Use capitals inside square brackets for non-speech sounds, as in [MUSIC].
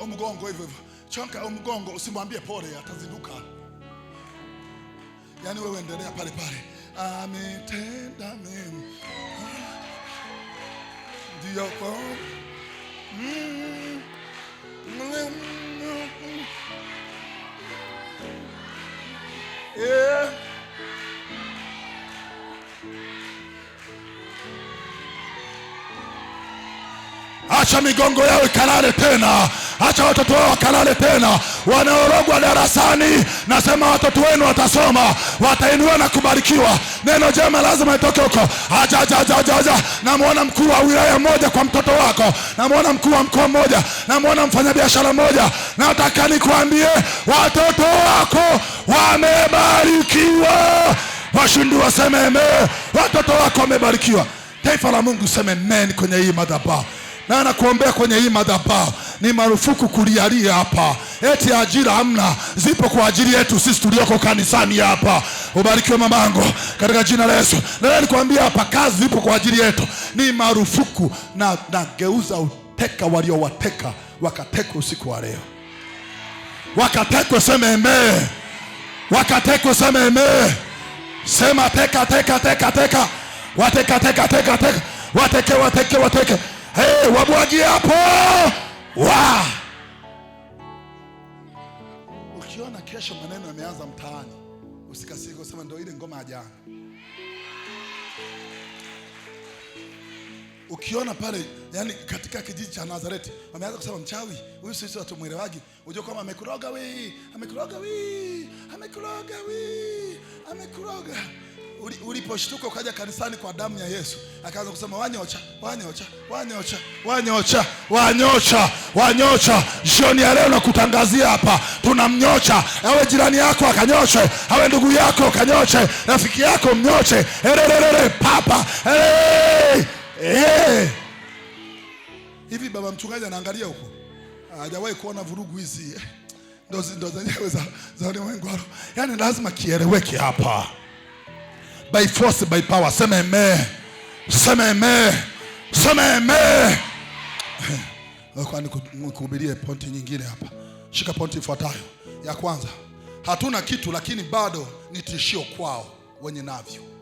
au mgongo hivyo hivyo, chonka au mgongo, usimwambie pole, atazinduka. Yaani wewe endelea pale pale, ametenda mema ndio kwa Eh. Acha migongo yao ikalale tena, acha watoto wao wakalale tena. Wanaorogwa darasani, nasema watoto wenu watasoma, watainua na kubarikiwa. Neno jema lazima itoke huko. Acha acha acha acha acha. Namwona mkuu wa wilaya moja kwa mtoto wako, namwona mkuu wa mkoa mmoja, namwona mfanyabiashara mmoja. Nataka nikuambie watoto wako wamebarikiwa. Washindi waseme amen. Watoto wako wamebarikiwa. Taifa la Mungu seme amen kwenye hii madhabahu na anakuombea kwenye hii madhabahu. Ni marufuku kulialia hapa, eti ajira hamna. Zipo kwa ajili yetu sisi tulioko kanisani hapa. Ubarikiwe mamangu katika jina la Yesu. Na leo nikwambia hapa, kazi zipo kwa ajili yetu. Ni marufuku na nageuza uteka waliowateka wakatekwa usiku wa leo, wakatekwa. Sema eme, wakatekwa. Sema eme, sema teka, teka, teka, teka, wateka, teka, teka, teka, wateke, wateke, wateke, wateke hey, wamwagi hapo wa ukiona kesho maneno yameanza mtaani, usikasike usema ndio ile ngoma ya jana. Ukiona pale yani katika kijiji cha Nazareti wameanza kusema mchawi huyu, sisi hatumwelewagi, ujue kwamba amekuroga wii, amekuroga wii, amekuroga wii, amekuroga uliposhtuka ukaja kanisani kwa damu ya Yesu, akaanza kusema wanyocha, wanyocha, wanyocha, wanyocha, wanyocha, wanyocha. Jioni ya leo nakutangazia hapa, tunamnyocha. Awe jirani yako akanyoche, awe ndugu yako akanyoche rafiki yako mnyoche. Ererere papa Hivi baba mchungaji anaangalia huko, hajawahi kuona vurugu hizi. [LAUGHS] Ndo zenyewe za ulimwengu, yaani lazima kieleweke hapa by force, by power. Sema amen, sema amen, sema amen. Kwani kuhubiria pointi nyingine hapa, shika pointi ifuatayo. Ya kwanza, hatuna kitu lakini bado ni tishio kwao wenye navyo.